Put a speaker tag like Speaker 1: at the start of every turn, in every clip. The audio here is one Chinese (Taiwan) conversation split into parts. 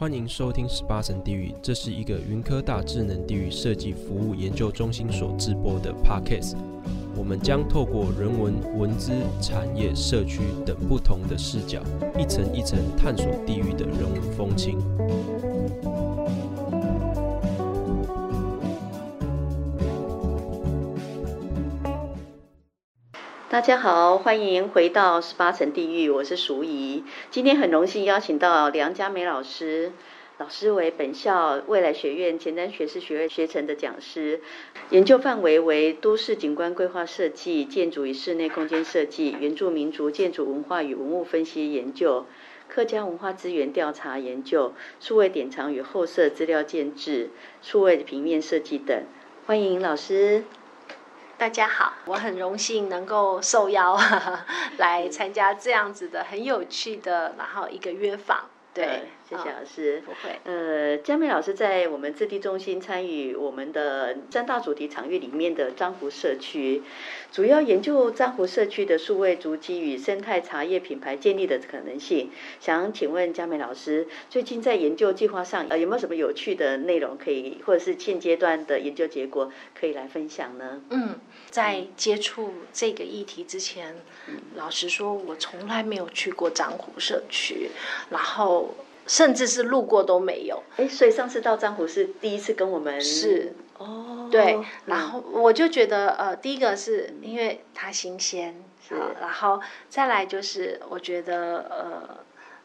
Speaker 1: 歡迎收聽《十八層地獄》，這是一個雲科大智能地獄設計服務研究中心所制播的 podcast。我們將透過人文、文資、產業、社區等不同的視角，一層一層探索地獄的人文風情。
Speaker 2: 大家好，歡迎回到十八層地獄。我是淑怡，今天很榮幸邀請到梁佳美老師，老師為本校未來學院前瞻學士學位學程的講師，研究範圍為都市景觀規劃設計、建築與室內空間設計、原住民族建築文化與文物分析研究、客家文化資源調查研究、數位典藏與後設資料建置、數位平面設計等。歡迎老師。
Speaker 1: 大家好，我很榮幸能夠受邀，呵呵，來參加這樣子的很有趣的，然後一個約訪，對。
Speaker 2: 對謝謝老師。哦，不會。呃，佳美老師在我們質地中心參與我們的三大主題場域裡面的樟湖社區，主要研究樟湖社區的數位足跡與生態茶葉品牌建立的可能性。想請問佳美老師，最近在研究計劃上，呃，有沒有什麼有趣的內容可以，或者是現階段的研究結果可以來分享呢？嗯，
Speaker 1: 在接觸這個議題之前，嗯、老實說，我從來沒有去過樟湖社區，然後。甚至是路過都沒有。欸、所以上次到樟湖是第一次跟我們是哦，對。然後我就覺得呃，第一個是因為它新鮮，是。然後再來就是我覺得呃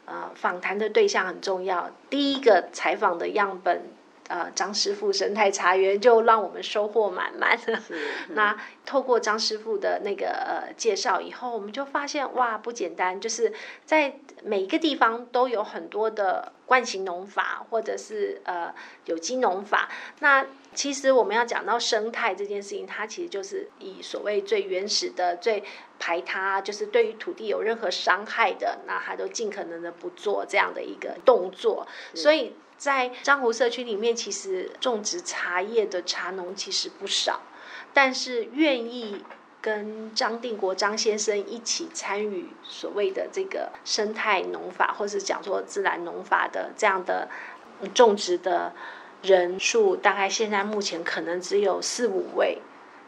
Speaker 1: 呃，訪談的對象很重要。第一個採訪的樣本。嗯呃，張師傅生態茶園就讓我們收穫滿滿。是。 那透過張師傅的那個呃介紹以後，我們就發現哇，不簡單，就是在每一個地方都有很多的慣行農法或者是呃有機農法。那其實我們要講到生態這件事情，它其實就是以所謂最原始的、最排他，就是對於土地有任何傷害的，那它都盡可能的不做這樣的一個動作。所以。在樟湖社區裡面，其實種植茶葉的茶農其實不少，但是願意跟張定國張先生一起參與所謂的這個生態農法，或是講說自然農法的這樣的種植的人數，大概現在目前可能只有四五位，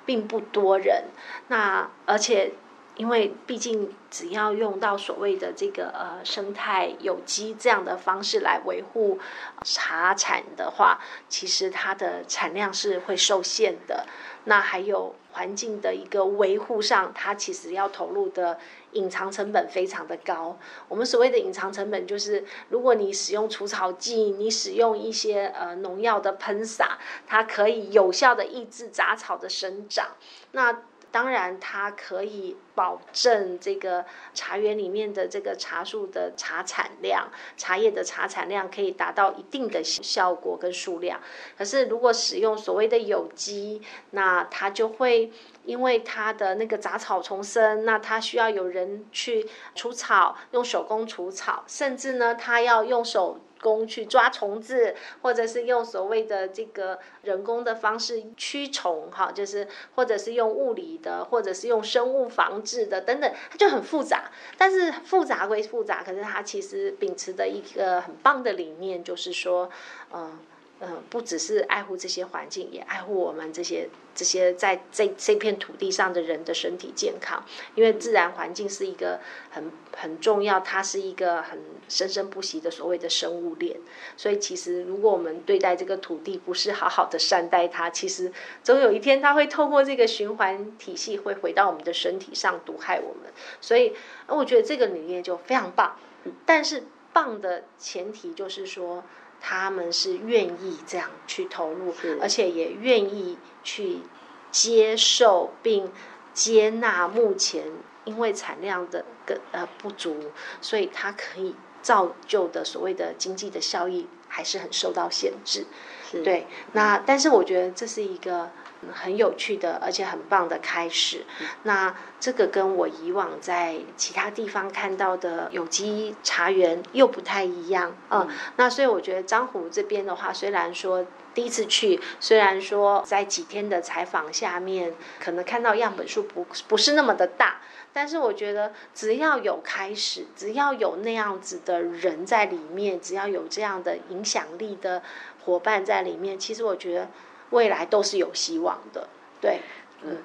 Speaker 1: 並不多人。那而且。因為畢竟，只要用到所謂的這個呃生態有機這樣的方式來維護茶產的話，其實它的產量是會受限的。那還有環境的一個維護上，它其實要投入的隱藏成本非常的高。我們所謂的隱藏成本，就是如果你使用除草劑，你使用一些呃農藥的噴灑，它可以有效的抑制雜草的生長。那當然，它可以。保證這個茶園裡面的這個茶樹的茶產量，茶葉的茶產量可以達到一定的效果跟數量。可是如果使用所謂的有機，那它就會因為它的那個雜草叢生，那它需要有人去除草，用手工除草，甚至呢，它要用手工去抓蟲子，或者是用所謂的這個人工的方式驅蟲，哈，就是或者是用物理的，或者是用生物防。是的，等等，它就很複雜。但是複雜歸複雜，可是它其實秉持著一個很棒的理念，就是說，嗯、呃。嗯、呃，不只是愛護這些環境，也愛護我們這些這些在這這片土地上的人的身體健康。因為自然環境是一個很很重要，它是一個很生生不息的所謂的生物鏈。所以，其實如果我們對待這個土地不是好好的善待它，其實總有一天它會透過這個循環體系會回到我們的身體上，毒害我們。所以，我覺得這個理念就非常棒。但是，棒的前提就是說。他們是願意這樣去投入，而且也願意去接受並接納目前因為產量的呃不足，所以它可以造就的所謂的經濟的效益還是很受到限制。對，嗯，那但是我覺得這是一個。很有趣的，而且很棒的開始，嗯。那這個跟我以往在其他地方看到的有機茶園又不太一樣，嗯，嗯，那所以我覺得樟湖這邊的話，雖然說第一次去，雖然說在幾天的採訪下面，可能看到樣本數不不是那麼的大，但是我覺得只要有開始，只要有那樣子的人在裡面，只要有這樣的影響力的夥伴在裡面，其實我覺得。未來
Speaker 2: 都是有希望的，對，嗯，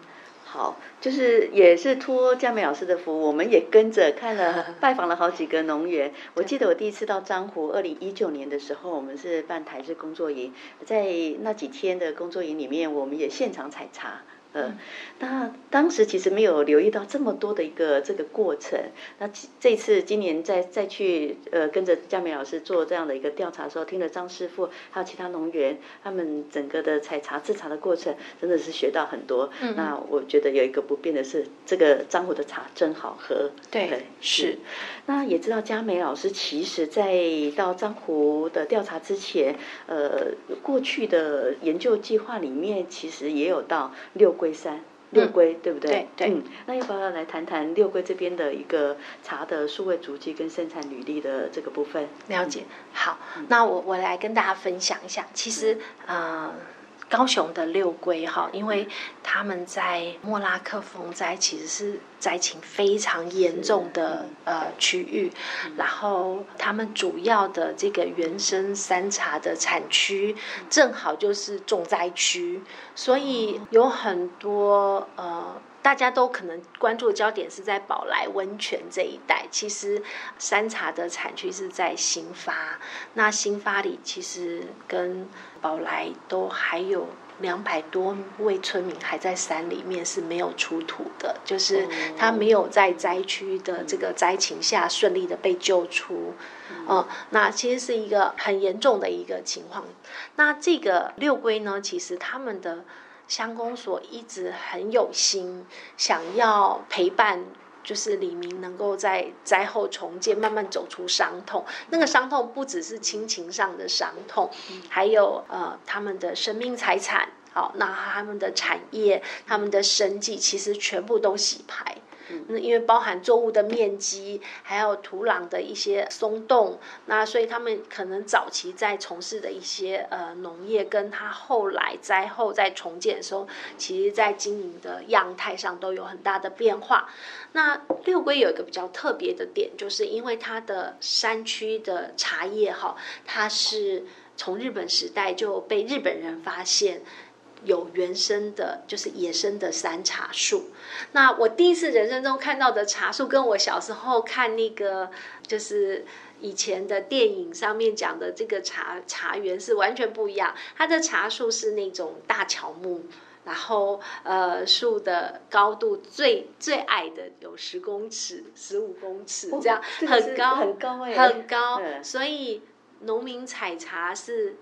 Speaker 2: 好，就是也是托佳美老師的福，我們也跟着看了， 拜訪了好幾個農園。我記得我第一次到樟湖，二零一九年的時候，我們是辦台式工作營，在那幾天的工作營裡面，我們也現場採茶。嗯、嗯、呃，那當時其實沒有留意到這麼多的一個這個過程。那這次今年再再去呃，跟着佳美老師做這樣的一個調查的時候，聽了張師傅還有其他農員他們整個的採茶製茶的過程，真的是學到很多嗯嗯。那我覺得有一個不變的是，這個樟湖的茶真好喝。對，是、是。那也知道佳美老師其實在到樟湖的調查之前，呃，過去的研究計劃裡面其實也有到六。龜山六龜、嗯、對不對？對、對、嗯、那要不要來談談六龜這邊的一個茶的數位足跡跟生產履歷的這個部分？
Speaker 1: 了解，嗯、好、嗯，那我我來跟大家分享一下，其實啊。嗯呃高雄的六龜哈，因為他們在莫拉克風災其實是災情非常嚴重的呃區域，然後他們主要的這個原生山茶的產區，正好就是重災區，所以有很多呃。大家都可能關注的焦點是在寶來溫泉這一帶，其實山茶的產區是在新發。那新發里其實跟寶來都還有兩百多位村民還在山裡面是沒有出土的，就是他沒有在災區的這個災情下順利的被救出。嗯，那其實是一個很嚴重的一個情況。那這個六龜呢，其實他們的。鄉公所一直很有心，想要陪伴，就是里民能夠在災後重建慢慢走出傷痛。那個傷痛不只是親情上的傷痛，還有呃他們的生命財產。好，那他們的產業、他們的生計，其實全部都洗牌。那、嗯、因為包含作物的面積，還有土壤的一些鬆動，那所以他們可能早期在從事的一些呃農業，跟他後來災後在重建的時候，其實，在經營的樣態上都有很大的變化。那六龜有一個比較特別的點，就是因為它的山區的茶葉哈，它是從日本時代就被日本人發現。有原生的，就是野生的山茶樹。那我第一次人生中看到的茶樹，跟我小時候看那個，就是以前的電影上面講的這個茶茶園是完全不一樣。它的茶樹是那種大喬木，然後呃，樹的高度最最矮的有十公尺、十五公尺、哦、這樣，這很高很高、欸、很高。所以農民採茶是。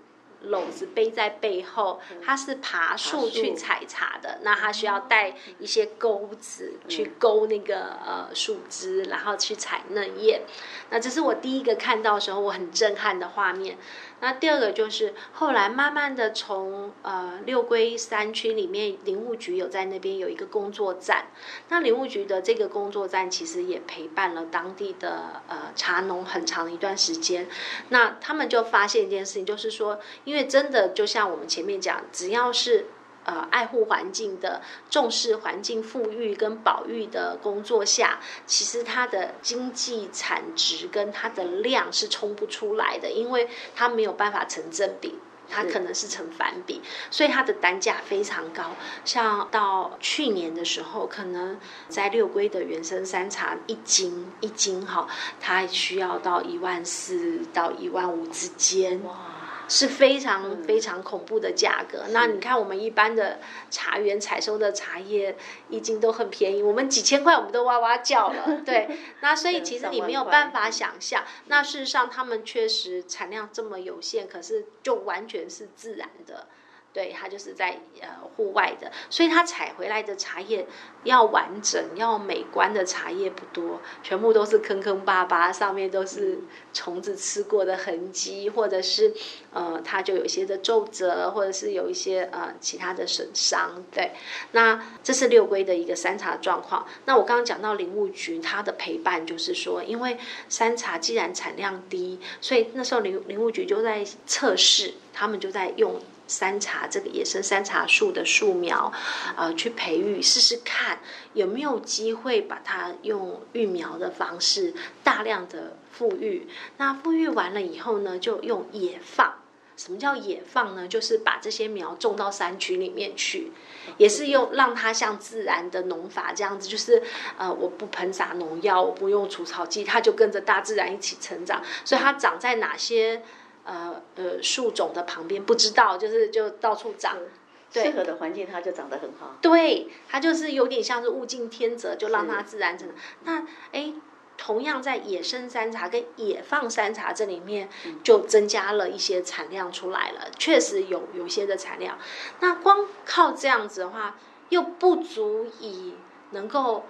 Speaker 1: 簍子背在背後，它是爬樹去採茶的。那它需要帶一些鈎子去勾那個呃樹枝、嗯，然後去採嫩葉。那這是我第一個看到的時候，我很震撼的畫面。那第二個就是後來慢慢的從呃六龜山區裡面，林務局有在那邊有一個工作站。那林務局的這個工作站其實也陪伴了當地的呃茶農很長一段時間。那他們就發現一件事情，就是說，因為真的就像我們前面講，只要是。呃，愛護環境的、重視環境復育、跟保育的工作下，其實它的經濟產值跟它的量是衝不出來的，因為它沒有辦法成正比，它可能是成反比，所以它的單價非常高。像到去年的時候，可能在六龜的原生山茶一斤一斤哈、哦，它還需要到一萬四到一萬五之間。哇是非常非常恐怖的價格。嗯、那你看，我們一般的茶園採收的茶葉已經都很便宜，我們幾千塊我們都哇哇叫了。 對，那所以其實你沒有辦法想象。嗯、那事實上，他們確實產量這麼有限，嗯、可是就完全是自然的。對，它就是在呃戶外的，所以它採回來的茶葉要完整、要美觀的茶葉不多，全部都是坑坑巴巴，上面都是蟲子吃過的痕跡，或者是呃，它就有些的皺褶，或者是有一些呃其他的損傷。對，那這是六龜的一個山茶狀況。那我剛剛講到林務局，它的陪伴就是說，因為山茶既然產量低，所以那時候林林務局就在測試。他們就在用山茶這個野生山茶樹的樹苗，呃，去培育，試試看有沒有機會把它用育苗的方式大量的復育。那復育完了以後呢，就用野放。什麼叫野放呢？就是把這些苗種到山區裡面去，也是用讓它像自然的農法這樣子，就是呃，我不噴灑農藥，我不用除草劑，它就跟着大自然一起成長。所以它長在哪些？呃呃，樹種的旁邊不知道，就是就到處長，對，適合的環境它就長得很好。對，它就是有點像是物競天擇，就讓它自然成長。那哎、欸，同樣在野生山茶跟野放山茶這裡面，嗯、就增加了一些產量出來了，確實有有些的產量。那光靠這樣子的話，又不足以能夠。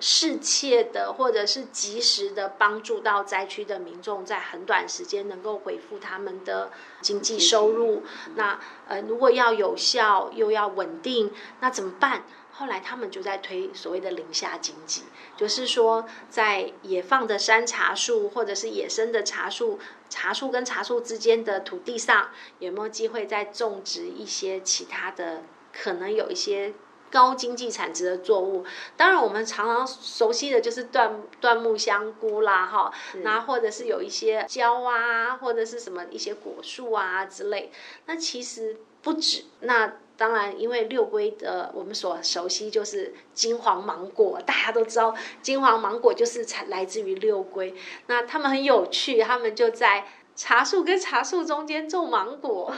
Speaker 1: 適切的，或者是及時的幫助到災區的民眾，在很短時間能夠恢復他們的經濟收入。那呃，如果要有效又要穩定，那怎麼辦？後來他們就在推所謂的林下經濟，就是說在野放的山茶樹或者是野生的茶樹，茶樹跟茶樹之間的土地上有沒有機會再種植一些其他的？可能有一些。高經濟產值的作物，當然我們常常熟悉的就是段木香菇啦，哈，那或者是有一些椒啊，或者是什麼一些果樹啊之類。那其實不止，那當然因為六龜的我們所熟悉就是金黃芒果，大家都知道金黃芒果就是產來自於六龜。那他們很有趣，他們就在。茶樹跟茶樹中間種芒果，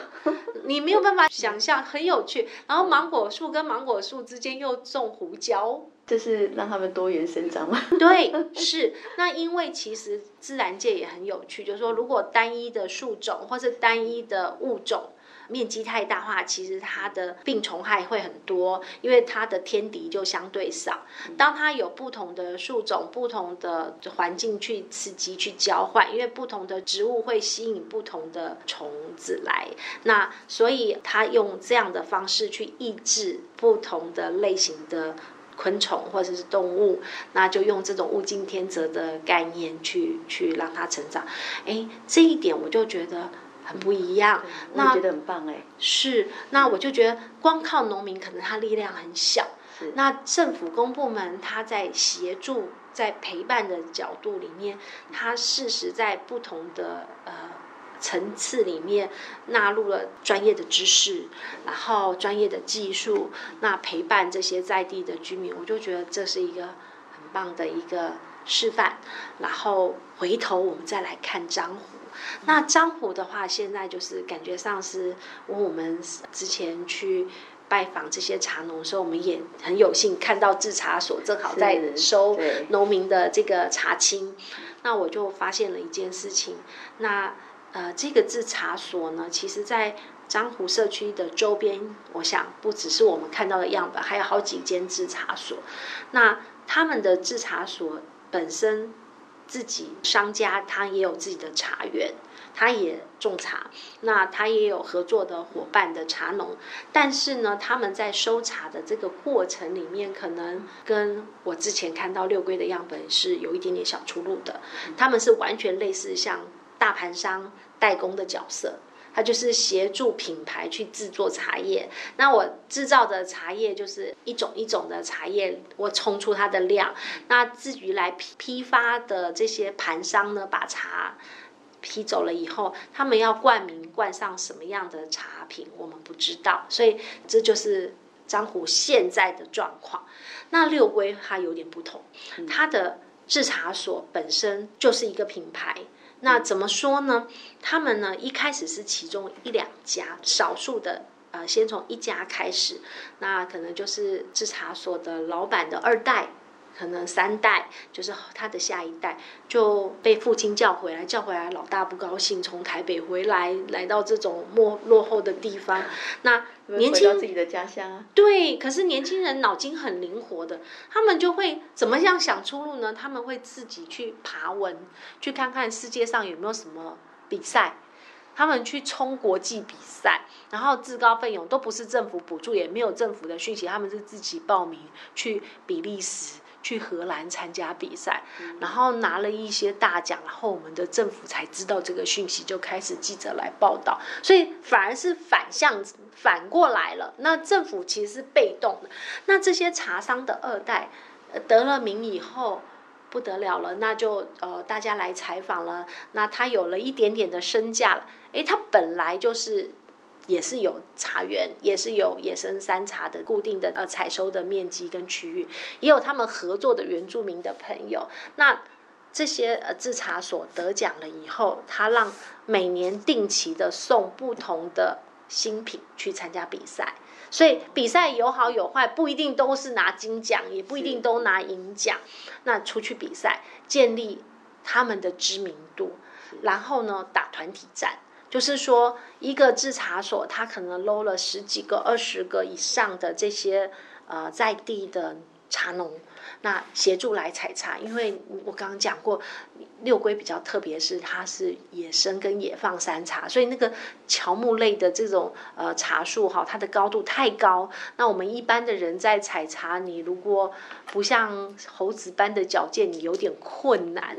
Speaker 1: 你沒有辦法想象，很有趣。然後芒果樹跟芒果樹之間又種胡椒，
Speaker 2: 這、就是讓他們多元生長嗎？
Speaker 1: 對，是。那因為其實自然界也很有趣，就是說，如果單一的樹種或者單一的物種。面積太大的話其實它的病蟲害會很多，因為它的天敵就相對少。當它有不同的樹種、不同的環境去刺激、去交換，因為不同的植物會吸引不同的蟲子來，那所以它用這樣的方式去抑制不同的類型的昆蟲或者是動物，那就用這種物競天擇的概念去去讓它成長。誒，這一點我就覺得。很不一樣，那我覺得很棒哎，是。那我就覺得光靠農民可能他力量很小，那政府公部門他在協助、在陪伴的角度裡面，他事實在不同的呃層次裡面納入了專業的知識，然後專業的技術，那陪伴這些在地的居民，我就覺得這是一個很棒的一個。示範，然後回頭我們再來看樟湖，嗯。那樟湖的話，現在就是感覺上是，問我們之前去拜訪這些茶農的時候，我們也很有幸看到制茶所正好在收農民的這個茶青。那我就發現了一件事情。嗯、那呃，這個制茶所呢，其實，在樟湖社區的周邊，我想不只是我們看到的樣本，還有好幾間制茶所。那他們的制茶所。本身自己商家，他也有自己的茶園，他也種茶，那他也有合作的夥伴的茶農，但是呢，他們在收茶的這個過程裡面，可能跟我之前看到六龜的樣本是有一點點小出入的，他們是完全類似像大盤商代工的角色。它就是協助品牌去制作茶葉，那我制造的茶葉就是一種一種的茶葉，我冲出它的量。那至於來批批發的這些盤商呢，把茶批走了以後，他們要冠名冠上什麼樣的茶品，我們不知道。所以這就是樟湖現在的狀況。那六龜它有點不同，它的制茶所本身就是一個品牌。那怎麼說呢？他們呢，一開始是其中一兩家，少數的，呃，先從一家開始，那可能就是製茶所的老闆的二代。可能三代就是他的下一代就被父親叫回來，叫回來老大不高興，從台北回來來到這種落落後的地方。那年輕，有回到自己的家鄉、啊，對，可是年輕人腦筋很靈活的，他們就會怎麼樣想出路呢？他們會自己去爬文，去看看世界上有沒有什麼比賽，他們去衝國際比賽，然後自告奮勇，都不是政府補助，也沒有政府的訊息，他們是自己報名去比利時。去荷蘭參加比賽，然後拿了一些大獎，然後我們的政府才知道這個訊息，就開始記者來報道，所以反而是反向反過來了。那政府其實是被動的。那這些茶商的二代得了名以後不得了了，那就呃大家來採訪了。那他有了一點點的身價了，誒、欸，他本來就是。也是有茶園，也是有野生山茶的固定的呃採收的面積跟區域，也有他們合作的原住民的朋友。那這些呃製茶所得獎了以後，他讓每年定期的送不同的新品去參加比賽。所以比賽有好有壞，不一定都是拿金獎，也不一定都拿銀獎。那出去比賽，建立他們的知名度，然後呢打團體戰。就是說，一個製茶所，他可能漏了十幾個、二十個以上的這些呃在地的茶農，那協助來採茶，因為我剛剛講過，六龜比較特別，是它是野生跟野放山茶，所以那個喬木類的這種呃茶樹哈，它的高度太高，那我們一般的人在採茶，你如果不像猴子般的矯健，你有點困難，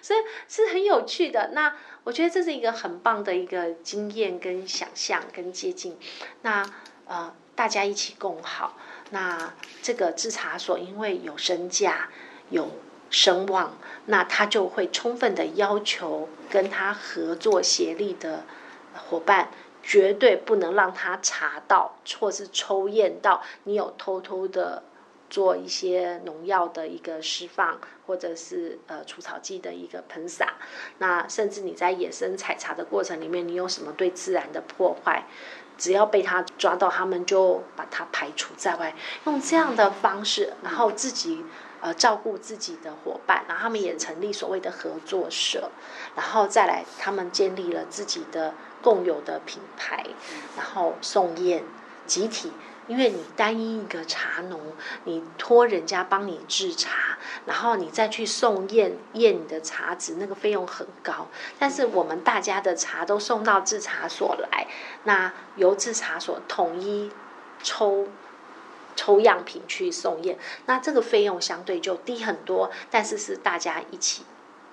Speaker 1: 所以是，是很有趣的。那我覺得這是一個很棒的一個經驗跟想象跟接近，那呃大家一起共好。那這個製茶所因為有身價、有聲望，那他就會充分的要求跟他合作協力的夥伴，絕對不能讓他查到，或是抽驗到你有偷偷的做一些農藥的一個釋放，或者是呃除草劑的一個噴灑。那甚至你在野生採茶的過程裡面，你有什麼對自然的破壞？只要被他抓到，他們就把他排除在外，用這樣的方式，然後自己呃照顧自己的夥伴，然後他們也成立所謂的合作社，然後再來他們建立了自己的共有的品牌，然後送驗、集體。因為你單一一個茶農，你托人家幫你制茶，然後你再去送驗驗你的茶質，那個費用很高。但是我們大家的茶都送到制茶所來，那由制茶所統一抽抽樣品去送驗，那這個費用相對就低很多，但是是大家一起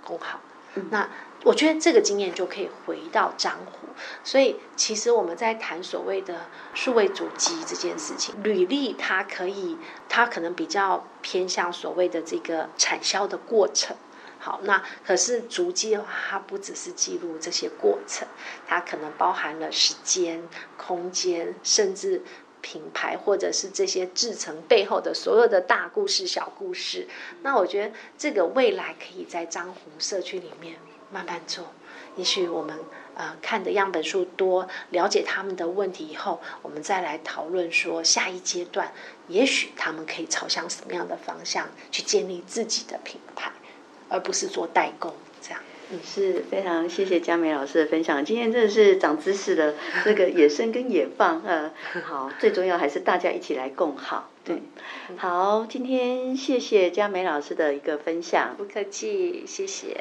Speaker 1: 共好。嗯、那。我覺得這個經驗就可以回到樟湖，所以其實我們在談所謂的數位足跡這件事情，履歷它可以，它可能比較偏向所謂的這個產銷的過程。好，那可是足跡的話，它不只是記錄這些過程，它可能包含了時間、空間，甚至品牌或者是這些製程背後的所有的大故事、小故事。那我覺得這個未來可以在樟湖社區裡面。慢慢做，也許我們呃看的樣本數多，了解他們的問題以後，我們再來討論說，下一階段，也許他們可以朝向什麼樣的方向去建立
Speaker 2: 自己的品牌，而不是做代工這樣。嗯，是非常謝謝佳美老師的分享，今天真的是長知識的。這個野生跟野放， 呃，好，最重要還是大家一起來共好。對，好，今天謝謝佳美老師的一個分享，不客氣，謝謝。